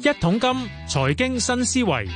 一桶金財經新思維，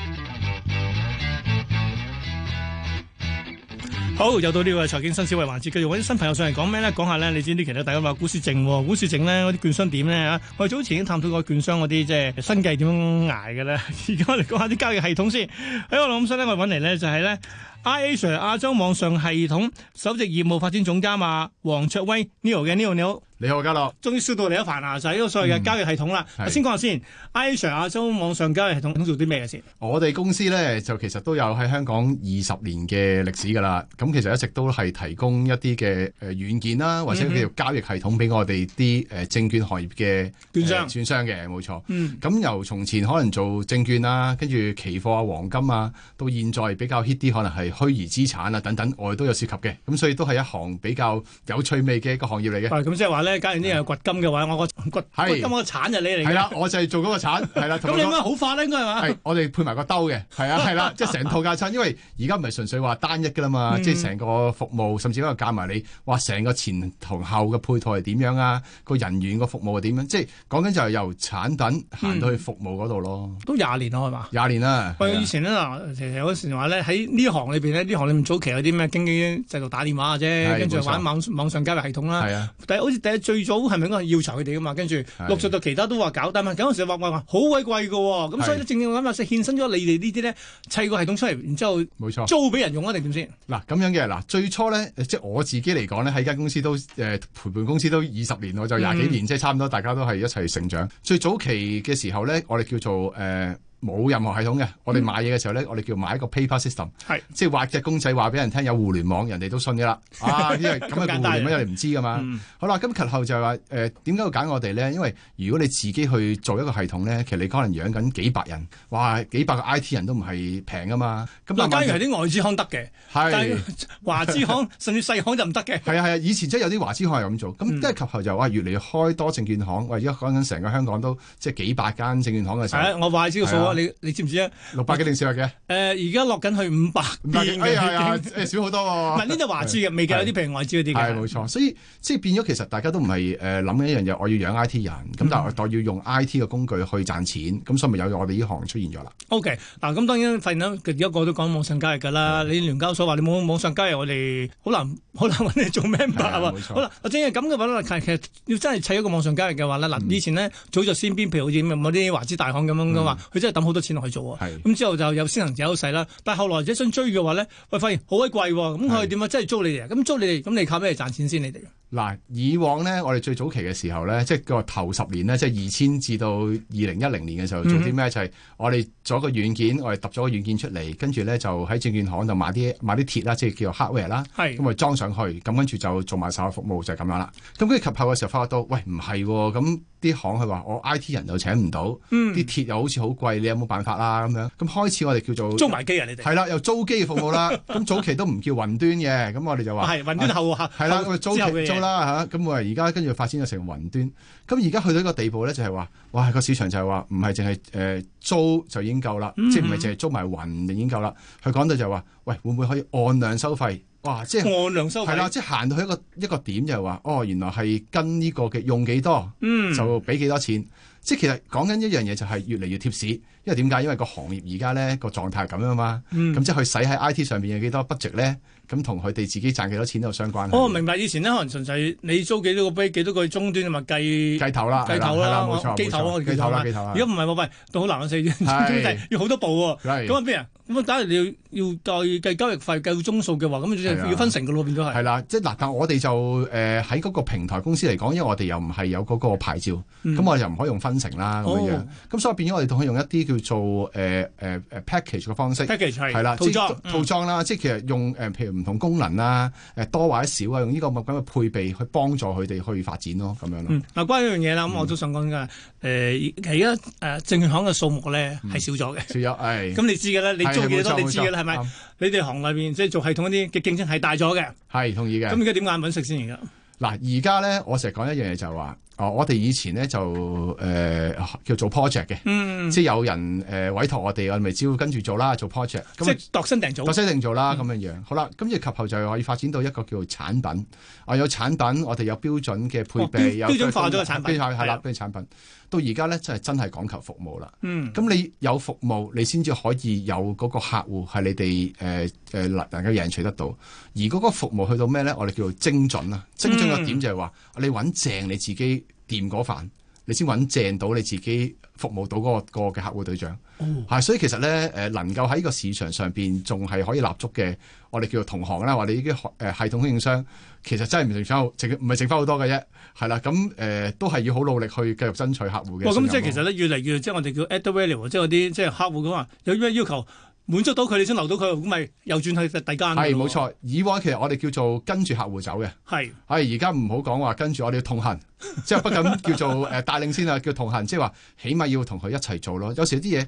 好又到呢個財經新思維環節，繼續揾啲新朋友上嚟講咩咧？講下咧，你知啲其實大家話股市靜，股市靜咧，嗰啲券商點咧吓？我哋早前已經探討過券商嗰啲即係生計點樣挨嘅咧。而家我哋講下啲交易系統先。喺我諗先咧，我揾嚟咧就係咧。iAsia 亞洲網上系統首席業務發展總監啊，黃卓威，n 呢度嘅 Neil 呢度你好，你好嘉樂，終於收到你一凡牙仔，呢、就是、所謂嘅交易系統啦，嗯、先講下先。iAsia 亞洲網上交易系統做啲咩嘢先？我哋公司咧就其實都有喺香港二十年嘅歷史噶啦，咁其實一直都係提供一啲嘅誒軟件啦，或者叫做交易系統俾我哋啲誒證券行業嘅券、嗯哼呃、商券商嘅，冇錯錯。咁、嗯、由從前可能做證券啦、啊，跟住期貨啊、黃金啊，到現在比較 hit 啲，可能係。虛擬資產啊等等，我哋都有涉及嘅，咁所以都係一行比較有趣味嘅一個行業嚟嘅。咁、嗯、即係話咧，假如啲人掘金嘅話，我覺掘是金個鏟就你嚟。係啦，我就係做嗰個鏟，係啦。咁、那個、 你乜好快咧？應該係嘛？係的 我哋配埋個兜嘅，係啊，係啦，即係成套架餐。因為而家唔係純粹話單一㗎啦嘛，嗯、即係成個服務，甚至可能加埋你哇，成個前同後嘅配套係點樣啊？個人員個服務係點樣、啊？即係講緊就係由產品行到去服務嗰度咯。嗯、都廿年咯，係嘛？廿年啦。喂的，的以前咧，其實有時話咧，喺呢行呢行你唔早期有啲咩經紀制度打電話啫，跟住玩網網上交易系統啦。係啊，但係好似第一最早係咪應該係要查佢哋噶嘛？跟住陸續到其他都話搞，但係嗰陣時話話好鬼貴㗎喎。咁是所以正正諗下，是衍生咗你哋呢啲咧砌個系統出嚟，然之後冇錯租俾人用啊，定點先嗱咁樣嘅嗱。最初咧，即係我自己嚟講咧，喺間公司都誒、呃、陪伴公司都二十年，我就廿幾年，嗯、即係差唔多大家都係一齊成長。最早期嘅時候咧，我哋叫做誒。呃冇任何系統嘅，我哋買嘢嘅時候咧，我哋叫買一個 paper system，是即係畫隻公仔話俾人聽有互聯網，人哋都信嘅啦、啊。因為咁嘅互聯網你唔知噶嘛。 嗯、好啦，咁及後就係話誒點解要揀我哋咧？因為如果你自己去做一個系統咧，其實你可能養緊幾百人，哇幾百個 IT 人都唔係平噶嘛。咁落街係啲外資行得嘅，是但係華資行甚至細行就唔得嘅。係啊係啊，以前即係有啲華資行係咁做，咁而家及後就哇、是啊、越嚟越開多證券行。我而家講緊成個香港都即係幾百間證券行嘅時候。我快你你知唔知啊？六百幾定四百幾？誒而家落緊去五百幾哎經哎，哎呀，少好多喎、啊！嗱，呢度華資嘅，是未計有啲譬如外資嗰啲嘅，冇錯。所以即係變咗，其實大家都唔係誒諗緊一樣嘢，我要養 I T 人，咁、嗯、但我代要用 I T 嘅工具去賺錢，咁所以咪有我哋呢行出現咗啦。OK，嗱，咁當然費諗，而家個個都講網上交易㗎啦。的你聯交所話你冇網上交易，我哋好難。好啦，揾 你做咩白話？好啦，阿正嘅咁嘅話其實要真係砌一個網上交易嘅話咧，嗱，以前呢，早就先鞭，譬如，好似某啲華資大行咁樣嘅話，佢、嗯、真係抌好多錢落去做喎。咁是之後就有先行者優勢啦。但係後來者想追嘅話是呢，喂，發現好鬼貴喎，咁佢點啊？真係租你哋？咁租你哋，咁你靠咩嚟賺錢先？你哋？嗱，以往呢，我哋最早期嘅時候呢，即係個頭十年呢，即係二千至到二零一零年嘅時候做啲咩？嗯、就係我哋做一個軟件，我哋揼咗個軟件出嚟，跟住呢，就喺證券行度買啲買啲鐵啦，即係叫做 hardware 啦的，咁啊裝去咁，跟住就做埋售後服務就咁、是、樣啦。咁跟住及後嘅時候，發覺到，喂唔係咁啲行，佢話我 I T 人又請唔到，啲、嗯、鐵又好似好貴，你有冇辦法啦、啊？咁樣咁開始我哋叫做租埋機人哋係啦，又租機嘅服務啦。咁早 期都唔叫雲端嘅，咁我哋就話係雲端後吓，係啦、哎，個租機租啦吓。咁我而家跟住發展到成雲端。咁而家去到一個地步咧，就係話哇個市場就係話唔係淨係誒租就已經夠啦，嗯嗯、即係唔係淨係租埋雲就已經夠啦。佢講到就係話喂，會唔會可以按量收費？哇！即係按量收費係啦，即係行到去一個一個點就係話，哦，原來係跟呢個嘅用幾多，嗯、就俾幾多錢。即係其實講緊一樣嘢，就係越嚟越貼士，因為點解？因為個行業而家咧個狀態係咁樣嘛。咁即係佢使喺 I T 上面有幾多 budget 咧？咁同佢哋自己賺幾多錢都有相關。我明白以前咧，可能純粹你租幾多個杯、幾多個終端，咪計計頭啦，計頭啦，冇錯冇錯，計頭啦，計頭啦。如果唔係喎，喂，都好難啊！係要好多步喎。咁啊邊啊？咁啊你要要計計交易費、計終數嘅話，咁要分成個路邊都係。係啦，即嗱，但我哋就誒喺嗰個平台公司嚟講，因為我哋又唔係有嗰個牌照，咁我又唔可以用分。感啦咁樣，咁所以變咗我哋同佢用一啲叫做誒誒誒 package 嘅方式，package 係啦，套裝套裝啦，即係其實用誒，譬如唔同功能啦，誒多或者少啊，用呢個物品嘅配備去幫助佢哋去發展咯，咁樣咯。嗱，關於一樣嘢啦，咁我都想講嘅，誒，而家誒證券行嘅數目咧係少咗嘅，少咗係。咁你知嘅啦，你做嘢多，你知嘅係咪？你哋行內邊即係做系統一啲嘅競爭係大咗嘅，係同意嘅。咁而家點揀品食先而家？嗱，而家咧我成日講一樣嘢就係話。哦，我哋以前咧就誒、呃、叫做 project 嘅，嗯、即係有人誒、呃、委託我哋，我哋咪只要跟住做啦，做 project，即度身訂做。即度身定做，度身訂做啦咁樣樣。嗯、好啦，咁亦及後就可以發展到一個叫做產品。啊、哦，有產品，我哋有標準嘅配備，哦、標有標準化咗嘅產品係啦，產品。到而家咧真係真係講求服務啦。咁、嗯、你有服務，你先至可以有嗰個客戶係你哋誒誒，能、呃、夠、呃、贏取得到。而嗰個服務去到咩咧？我哋叫做精準啊！精準嘅點就係話，嗯、你揾正你自己。掂嗰份，你先揾正到你自己服務到嗰個嘅客戶對象。嚇、oh.，所以其實咧，誒、呃、能夠喺個市場上邊仲係可以立足嘅，我哋叫做同行啦，或呢啲誒系統供應商，其實真係唔係剩翻好，唔係剩翻好多嘅啫。係啦，咁誒、呃、都係要好努力去繼續爭取客戶嘅。哇、哦！咁即係其實咧，越嚟越即係我哋叫 add value，即係啲即係客戶咁話有咩要求，滿足到佢你先留到佢，咁咪又轉去第間。係冇錯，以往其實我哋叫做跟住客戶走嘅。係，係而家唔好講話跟住我哋要痛恨。即係不敢叫做誒帶領先啦，叫同行，即係話起碼要同佢一齊做咯。有時啲嘢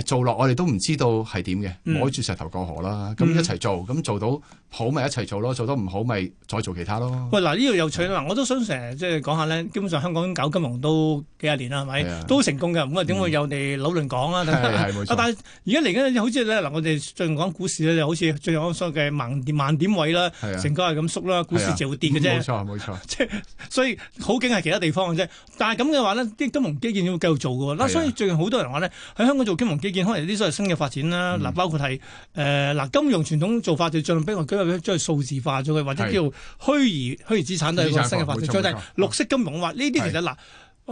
誒做落，我哋都唔知道係點嘅，摸住石頭過河啦。咁一齊做，咁做到好咪一齊做咯，做到唔好咪再做其他咯。喂，嗱呢度有趣啦。嗱，我都想成日即係講下咧。基本上香港搞金融都幾廿年啦，係咪？都成功嘅。咁啊，點會有地討論講啊？係，係冇錯。但係而家嚟緊好似咧，嗱，我哋最近講股市咧，又好似最近講所嘅萬萬點位啦，成個係咁縮啦，股市就會跌嘅啫。冇錯冇錯，即係所以好都係其他地方嘅啫，但係咁嘅話咧，啲金融基建要繼續做嘅喎。嗱、啊，所以最近好多人話咧，喺香港做金融基建，可能有啲所謂新嘅發展啦。嗱、嗯，包括係誒嗱，金融傳統做法就進兵，我舉將佢數字化咗佢，是或者叫虛擬虛擬資產都係一個新嘅發展。再第最 錯綠色金融話呢啲其實嗱，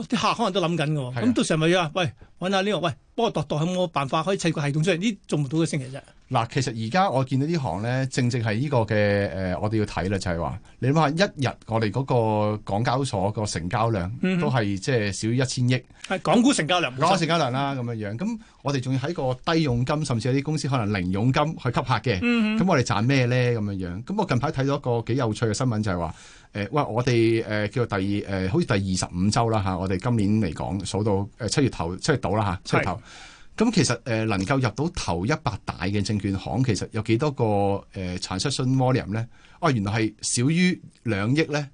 啲客、哦、是可能都諗緊嘅喎。咁、啊、到時咪要啊？喂，揾下呢、呢個喂，幫我度度有冇辦法可以砌個系統出嚟？呢做唔到嘅星期啫。嗱，其實而家我見到行呢行咧，正正係呢個嘅，誒、呃，我哋要睇啦，就係、是、話，你諗下，一日我哋嗰個港交所個成交量都係即係少於一千億，係、嗯、哼港股成交量，港交成交量啦、啊，咁樣、嗯、哼樣，咁我哋仲要喺個低佣金，甚至有啲公司可能零佣金去吸客嘅，咁、嗯、哼我哋賺咩咧？咁樣樣，咁我近排睇到一個幾有趣嘅新聞，就係話，誒，喂，我哋誒、呃、叫做第誒、呃，好似第二十五周啦吓，我哋今年嚟講，數到誒七月頭，七月到啦吓，七、啊、月頭。咁、嗯、其實誒、呃、能夠入到頭一百大嘅證券行，其實有幾多個誒產生 Volume 咧？啊，原來係少於兩億咧，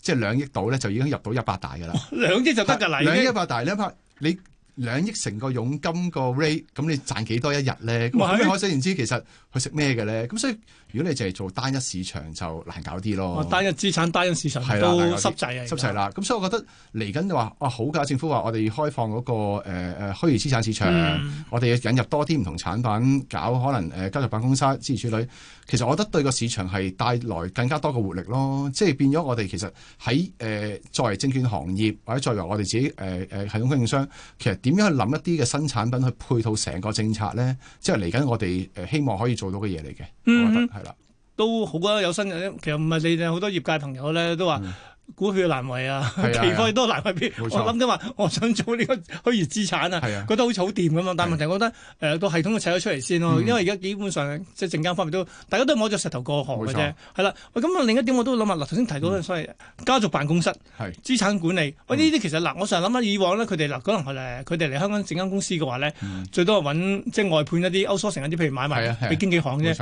即係兩億度咧，就已經入到一百大㗎啦。 兩億就得㗎啦，但兩億一百大，兩拍你。你兩億成個佣金個 rate，咁你賺幾多一日咧？可想而知其實佢食咩嘅咧。咁所以如果你淨係做單一市場就難搞啲咯。單一資產、單一市場都濕滯啊，濕滯啦。咁所以我覺得嚟緊就話啊好㗎，政府話我哋要開放嗰、那個誒誒、呃、虛擬資產市場，嗯、我哋要引入多啲唔同產品，搞可能誒加入辦公室、資產管理。其實我覺得對個市場係帶來更加多嘅活力咯。即係變咗我哋其實喺誒、呃、作為證券行業或者作為我哋自己誒誒系統供應商，其實。點樣去諗一啲嘅新產品去配套成個政策咧？即係嚟緊，我哋誒希望可以做到嘅嘢嚟嘅，嗯嗯我覺得係啦，都好啊，有新嘅。其實唔係你哋好多業界朋友咧都話。嗯股票難為啊，期貨都難為。我諗緊話，我想做呢個虛擬資產啊，覺得好似好掂咁啊。但係問題，我覺得誒個系統要砌咗出嚟先咯。因為而家基本上即係證監方面都，大家都係摸着石頭過河嘅啫。係啦，喂，咁啊另一點我都諗下。嗱頭先提到所謂家族辦公室係資產管理，喂呢啲其實嗱，我成日諗咧，以往呢，佢哋嗱，可能誒佢哋嚟香港證監公司嘅話呢，最多係揾即係外判一啲歐蘇城一啲，譬如買賣俾經紀行啫。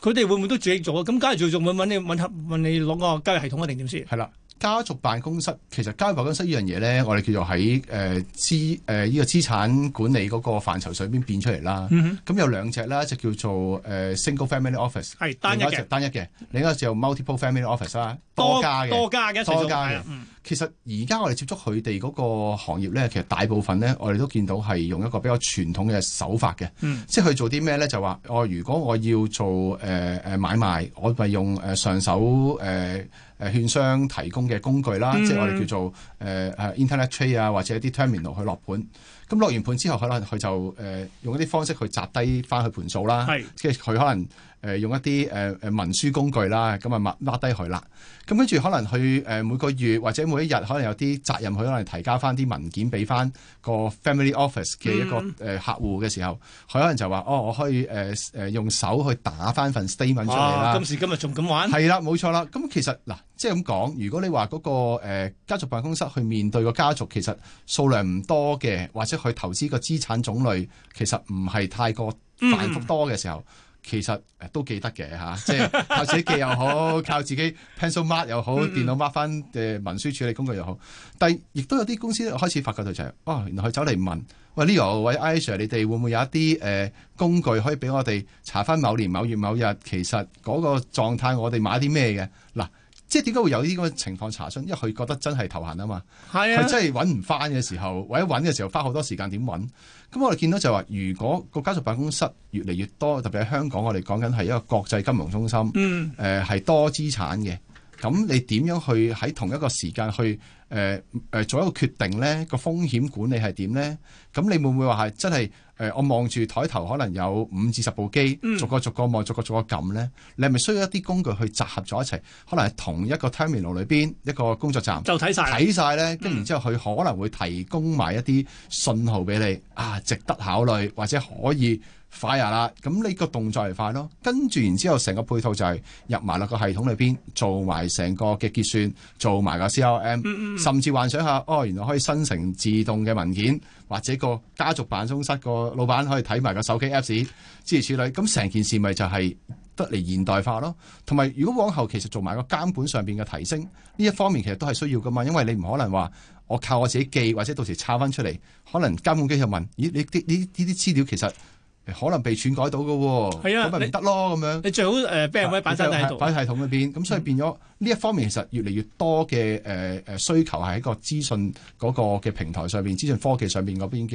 佢哋會唔會都自己做啊？咁假如做做，會你揾合你攞個交易系統啊？定點先？係啦。家族辦公室，其實家族辦公室呢樣嘢咧，我哋叫做喺誒資誒呢個資產管理嗰個範疇上邊變出嚟啦。咁、嗯、哼有兩隻啦，一隻叫做誒、呃、single family office，係單一嘅；單一嘅，另一隻就 multiple family office 啦，多家嘅，中多家嘅，多家嘅。其實而家我哋接觸佢哋嗰個行業咧，其實大部分咧，我哋都見到係用一個比較傳統嘅手法嘅，嗯、即係去做啲咩咧？就話我如果我要做誒誒、呃、買賣，我咪用誒上手誒誒、呃、券商提供嘅工具啦，嗯、即係我哋叫做誒誒、呃、Internet trade 啊，或者啲 terminal 去落盤。咁、嗯、落完盤之後，可能佢就誒、呃、用一啲方式去砸低返佢盤數啦。係是，即係佢可能。誒、呃、用一啲誒誒文書工具啦，咁啊，抹拉低佢啦。咁跟住可能佢誒、呃、每個月或者每一日可能有啲責任，佢可能提交翻啲文件俾翻個 family office 嘅一個誒客戶嘅時候，佢、嗯、可能就話：哦，我可以誒誒、呃、用手去打翻份 statement 出嚟啦、哦。今時今日仲咁玩係啦，冇錯啦。咁其實嗱，即係咁講，如果你話嗰、那個、呃、家族辦公室去面對個家族，其實數量唔多嘅，或者佢投資個資產種類其實唔係太過繁複多嘅時候。嗯其實都記得嘅嚇、啊，即係靠自己記又好，靠自己 pencil mark 又好， 電腦 mark 翻嘅文書處理工具又好，但係亦都有啲公司開始發覺到就係、是，哦，原來佢走嚟問，喂 Leo，喂 Isha Sir，你哋會唔會有一啲誒、呃、工具可以俾我哋查翻某年某月某日其實嗰個狀態我哋買啲咩嘅嗱？即係點解會有呢個情況查詢？因為佢覺得真係頭痕啊嘛，係啊，佢真係揾唔翻嘅時候，或者揾嘅時候花好多時間點揾。咁我哋見到就係話，如果個家族辦公室越嚟越多，特別喺香港，我哋講緊係一個國際金融中心，誒係、嗯呃、多資產嘅。咁你點樣去喺同一個時間去誒誒、呃呃、做一個決定咧？個風險管理係點咧？咁你會唔會話係真係誒、呃？我望住枱頭可能有五至十部機、嗯逐個逐個，逐個逐個望，逐個逐個撳咧？你係咪需要一啲工具去集合咗一齊？可能係同一個 terminal 裏邊一個工作站就睇晒。睇晒咧，跟住、嗯、然之後佢可能會提供埋一啲信號俾你啊，值得考慮或者可以。快啊啦！咁你個動作係快咯，跟住然之後成個配套就係入埋落個系統裏邊，做埋成個嘅結算，做埋個 CRM，甚至幻想下，哦，原來可以生成自動嘅文件，或者個家族辦公室個老闆可以睇埋個手機 Apps，諸如此類。咁成件事咪就係得嚟現代化咯。同埋，如果往後其實做埋個監管上邊嘅提升呢一方面，其實都係需要噶嘛，因為你唔可能話我靠我自己記，或者到時抄翻出嚟，可能監管機就問：咦，你啲呢呢啲資料其實？可能被篡改到嘅喎、哦，咁咪唔得咯咁你這樣。你最好誒俾人威擺曬喺度，擺、呃、喺系統入邊，咁、嗯、所以變咗。呢一方面，其實越嚟越多嘅誒誒需求係一個資訊嗰個嘅平台上邊，資訊科技上邊嗰邊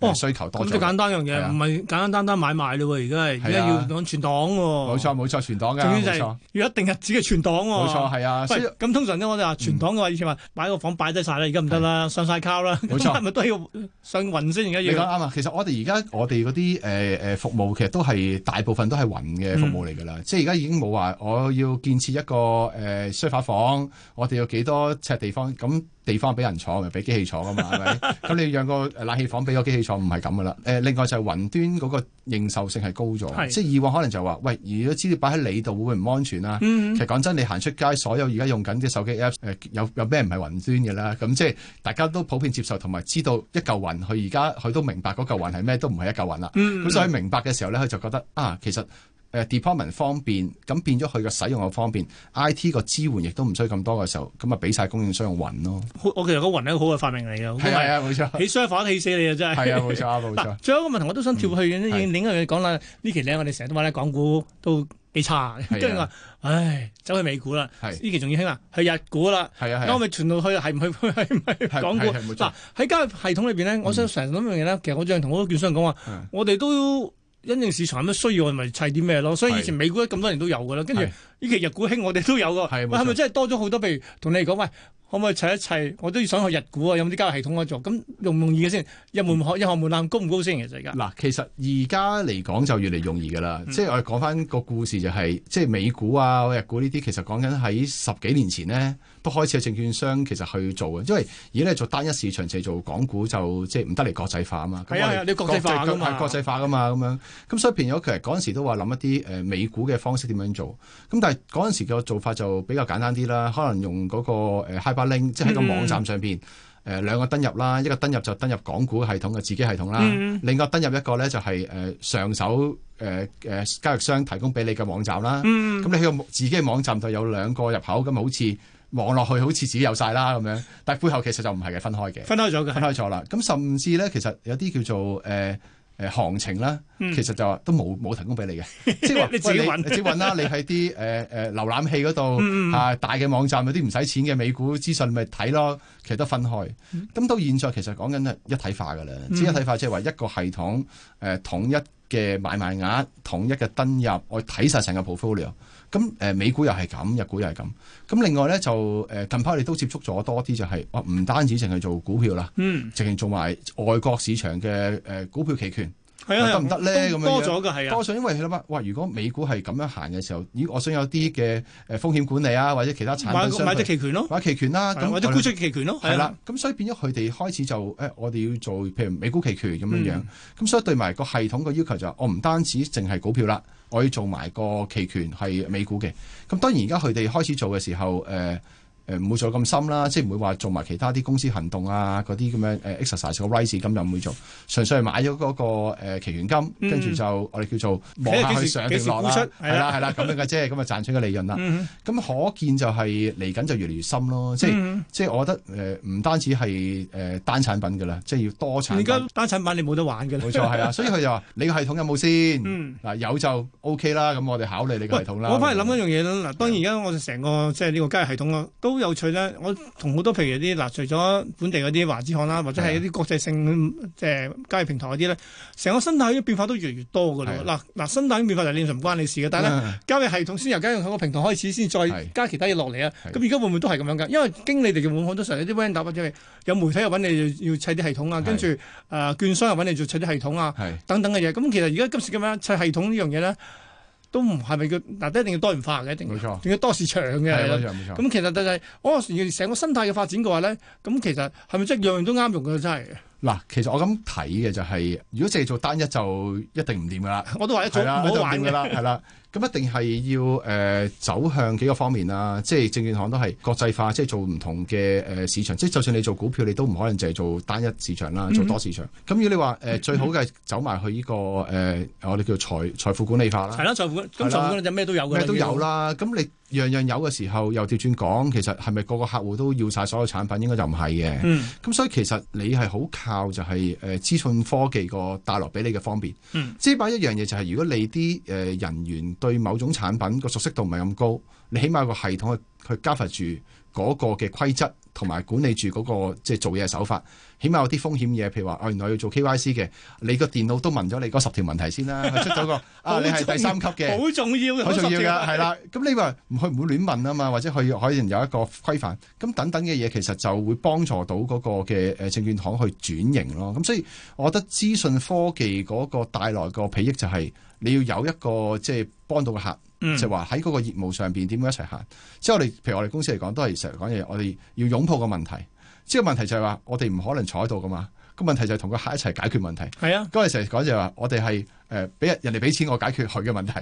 嘅需求多咗。咁最簡單樣嘢，唔係簡簡單單買賣咯喎，而家係而家要講全檔喎。冇錯冇錯，全檔嘅。要一定日子嘅全檔。冇錯係啊。咁通常咧，我哋話全檔嘅話，以前話擺個房擺低晒啦，而家唔得啦，上晒卡啦。係咪都要上雲先？而家要。啱啊！其實我哋而家我哋嗰啲誒誒服務，其實都係大部分都係雲嘅服務嚟㗎啦。即係而家已經冇話我要建設一個誒。舒法房，我哋有幾多尺地方？咁地方俾人坐嘅，俾機器坐噶嘛，係咪？ 咁你讓個冷氣房俾個機器坐，唔係咁噶啦。誒、呃，另外就係雲端嗰個認受性係高咗，的即係以往可能就係話，喂，如果資料擺喺你度會唔安全啊？嗯、其實講真，你行出街，所有而家用緊啲手機 Apps，誒、呃、有有咩唔係雲端嘅啦？咁即係大家都普遍接受同埋知道一嚿雲，佢而家佢都明白嗰嚿雲係咩，都唔係一嚿雲啦。咁、嗯、所以明白嘅時候咧，佢就覺得啊，其實。誒 deployment 方便，咁變咗佢嘅使用又方便，IT 個支援亦都唔需要咁多嘅時候，咁啊俾晒供應商用雲咯。我其實個雲係一個好嘅發明嚟嘅，係啊冇錯。起相反氣死你啊真係。係啊冇錯冇錯。最後一個問題我都想跳去，嘅，另一樣嘢講啦。呢期咧我哋成日都話咧，港股都幾差，跟住話，唉，走去美股啦。呢期仲要興啊，去日股啦。係啊係。咁我咪傳到去係唔去係咪港股？嗱喺交易系統裏邊呢，我想成日諗一樣嘢咧，其實我最近同好多券商講話，我哋都。因應市場有咩需要，我咪砌啲咩咯？所以以前美股咁多年都有噶啦，跟住呢期日股興，我哋都有噶是。喂，係咪真係多咗好多？譬如同你講喂。可唔可以砌一砌？我都要想去日股啊，有冇啲交易系統可做？咁容唔容易嘅先？入 門學一學門檻高唔高先？其實而家嗱，其實而家嚟講就越嚟容易㗎啦。嗯、即係我哋講翻個故事就係、是，即係美股啊、日股呢啲，其實講緊喺十幾年前呢，都開始有證券商其實去做嘅，因為而家做單一市場就係做港股就，就即係唔得嚟國際化啊嘛。係係，你要國際化㗎嘛？國際化㗎嘛？咁樣咁 所以變咗其實嗰陣時都話諗一啲誒美股嘅方式點樣做。咁但係嗰陣時個做法就比較簡單啲啦，可能用嗰、那個、呃呃呃即係喺個網站上邊，誒兩、嗯呃、個登入啦，一個登入就登入港股系統嘅自己系統啦，嗯、另一個登入一個咧就係、是、誒、呃、上手誒誒、呃呃、交易商提供俾你嘅網站啦。咁、嗯、你喺個自己嘅網站就有兩個入口，咁好似望落去好似自己有晒啦咁樣，但係背後其實就唔係嘅分開嘅，分開咗嘅，分開咗啦。咁甚至咧，其實有啲叫做誒。呃誒行情啦，其實就話都冇冇提供俾你嘅，即係話你自己揾，你自己揾啦。你喺啲誒誒瀏覽器嗰度啊，大嘅網站有啲唔使錢嘅美股資訊，咪睇咯。其實都分開。咁到現在其實講緊係一體化嘅啦，即一體化即係話一個系統，誒統一嘅買賣額，統一嘅登入，我睇曬成個 portfolio。咁誒美股又係咁，日股又係咁。咁另外咧就誒近排我哋都接觸咗多啲、就係，就係哇唔單止淨係做股票啦，嗯，淨係做埋外國市場嘅誒、呃、股票期權。得唔得咧？咁多咗嘅係啊！行行多咗。啊、多因為你諗下，哇、啊！如果美股係咁樣行嘅時候，咦？我想有啲嘅誒風險管理啊，或者其他產品買買啲期權咯、啊，買期權啦、啊，啊、或者沽出期權咯、啊，係啦、啊。咁、啊、所以變咗佢哋開始就誒、哎，我哋要做譬如美股期權咁樣樣。咁、嗯、所以對埋個系統嘅要求就係、是，我唔單止淨係股票啦，我要做埋個期權係美股嘅。咁當然而家佢哋開始做嘅時候，誒、呃。唔會做咁深啦，即係唔會話做埋其他啲公司行動啊，嗰啲咁樣誒 exercise 個 rise 咁就唔會做，純粹係買咗嗰個期權金，跟住就我哋叫做望佢上定落啦，係啦係啦咁樣嘅啫，咁啊賺取嘅利潤啦。咁可見就係嚟緊就越嚟越深咯，即係即係我覺得誒唔單止係誒單產品㗎啦，即係要多產品。而家單產品你冇得玩嘅。冇錯係啊，所以佢就話你個系統有冇先？嗱有就 OK 啦，咁我哋考慮你個系統啦。我翻嚟諗一樣嘢啦，嗱當然而家我哋成個即係呢個交易系統啊都。有趣咧，我同好多譬如啲嗱，除咗本地嗰啲華資行啦，或者係一啲國際性即係交易平台嗰啲咧，成個生態嘅變化都越嚟越多噶啦。嗱嗱的，生態嘅變化就完全唔關你事嘅。但係咧，交易的系統先由交易個平台開始，先再加其他嘢落嚟啊。咁而家會唔會都係咁樣噶？因為經理哋要換好多時候，有啲 vendor 或者係有媒體又揾你，要砌啲系統啊，跟住誒的、呃、券商又揾你做砌啲系統啊，的等等嘅嘢。咁其實而家今時今日砌系統呢樣嘢咧。都唔係咪叫嗱？一定要多元化嘅，一定，冇錯，仲要多市場嘅。咁其實就係、係，我成個生態嘅發展嘅話咧，咁其實係咪即係樣樣都啱用嘅真係？嗱，其實我咁睇嘅就係、是，如果淨係做單一就一定唔掂噶啦，我都係一做好啦，唔好玩噶 啦，係啦，咁一定係要誒、呃、走向幾個方面啦，即係證券行都係國際化，即係做唔同嘅誒市場，即係就算你做股票，你都唔可能淨係做單一市場啦，做多市場。咁、嗯、哼如果你話誒、呃、最好嘅走埋去呢、這個誒、呃、我哋叫財財富管理化啦，係、嗯、哼啦財富咁財富咧就咩都有嘅，都有啦，咁你。樣樣有嘅時候又調轉講，其實係咪個個客戶都要晒所有產品？應該就唔係嘅。咁、嗯、所以其實你係好靠就係、是、誒、呃、資信科技資訊科技個帶來俾你嘅方便。嗯，即把一樣嘢就係、是、如果你啲誒人員對某種產品個熟悉度唔係咁高，你起碼有個系統去佢加發住嗰個嘅規則。同埋管理住嗰個即係做嘢手法，起碼有啲風險嘢，譬如話哦，原來要做 KYC 嘅，你個電腦都問咗你嗰十條問題先啦，佢出咗個啊，你係第三級嘅，好重要，好重要嘅，係啦。咁呢個佢唔會亂問啊嘛，或者佢可以有一個規範咁等等嘅嘢其實就會幫助到嗰個嘅誒證券行去轉型咯。咁所以，我覺得資訊科技嗰個帶來個裨益就係你要有一個即係幫到個客，就話喺嗰個業務上邊點樣一齊行。即係、嗯、我哋，譬如我哋公司嚟講都係成日講嘢，我哋要擁個問題，即係問題就係話，我哋唔可能坐喺度噶嘛。個問題就係同個客一齊解決問題。係啊，咁我成日講就係話，我哋係。誒俾人，人哋俾錢我解決佢嘅問題，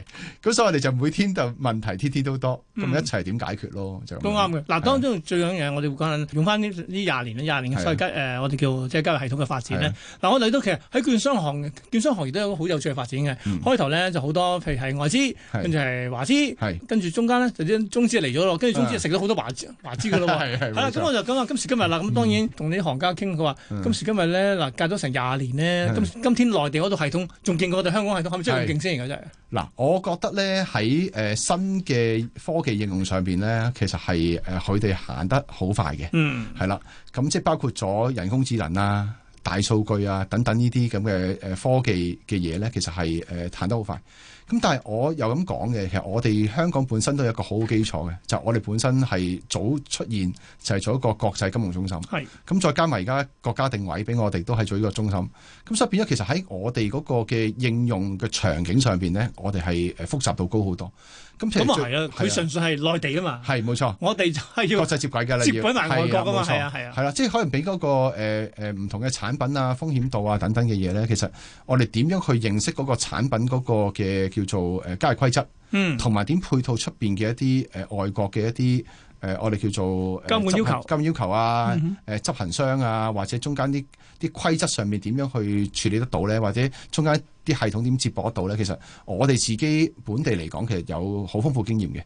咁所以我哋就每天就問題天天都多，咁一齊點解決咯，就都啱嘅。嗱，當中最緊要嘅我哋會講緊，用翻呢啲廿年咧，廿年嘅所以誒，我哋叫即係交易系統嘅發展咧。嗱，我哋都其實喺券商行，券商行業都有好有趣嘅發展嘅。開頭咧就好多，譬如係外資，跟住係華資，跟住中間咧就啲中資嚟咗咯，跟住中資食咗好多華華資嘅咯，係係。係啦，咁我就講下今時今日啦。咁當然同啲行家傾，佢話今時今日咧嗱，隔咗成廿年咧，今今天內地嗰度系統仲勁過我係咪真係咁勁先嘅啫？嗱，我覺得咧喺，誒新嘅科技應用上面咧，其實係誒佢哋行得好快嘅。嗯，係啦，咁即係包括咗人工智能啊、大數據啊等等呢啲咁嘅誒科技嘅嘢咧，其實係誒行得好快。咁但係我又咁講嘅，其實我哋香港本身都有一個好好基礎嘅，就係、我哋本身係早出現就係、是、做一個國際金融中心。係咁是再加埋而家國家定位俾我哋都係做一個中心。咁所以變咗其實喺我哋嗰個嘅應用嘅場景上邊咧，我哋係誒複雜度高好多。咁啊係啊，佢純粹係內地啊嘛，係冇、啊、錯。我哋就係要國際接軌嘅，接軌埋外國啊嘛，係啊係啊。係啦、啊啊啊，即係可能俾嗰、嗰個誒唔、呃呃、同嘅產品啊、風險度啊等等嘅嘢咧，其實我哋點樣去認識嗰個產品嗰個嘅叫做誒交易規則？嗯，同埋點配套出邊嘅一啲誒外國嘅一啲誒、呃，我哋叫做監管要求、監、呃、監管要求啊，誒執行商啊，或者中間啲啲規則上面點樣去處理得到咧，或者中間啲系統點接駁得到咧？其實我哋自己本地嚟講，其實有好豐富經驗嘅。咁、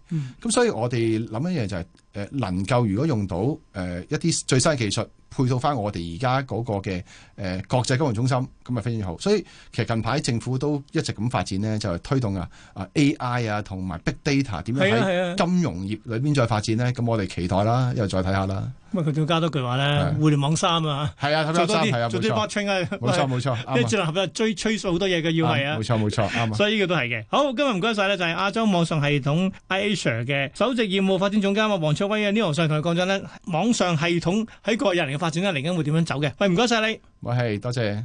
嗯、所以我哋諗一樣嘢就係、是。誒能夠如果用到誒、呃、一啲最新技術配套翻我哋而家嗰個嘅誒、呃、國際金融中心，咁啊非常之好，所以其實近排政府都一直咁發展咧，就係、推動啊啊、呃、AI 啊同埋 Big Data 點樣喺金融業裏邊再發展咧，咁、啊啊、我哋期待啦，又再睇下啦。咁佢仲要加多句話咧，互聯網三啊？係啊，互聯網三係啊，冇錯冇錯，啱啊，啲智能合作追追數好多嘢嘅要係啊，冇錯冇錯，啱，所以呢個都係嘅。好，今日唔該晒咧，就係亞洲網上系統 Asia 嘅首席業務發展總監啊，黃卓威呢度想同佢講真咧，網上系統喺過人嚟嘅發展咧，嚟緊會點樣走嘅？喂，唔該晒你。喂，係多謝。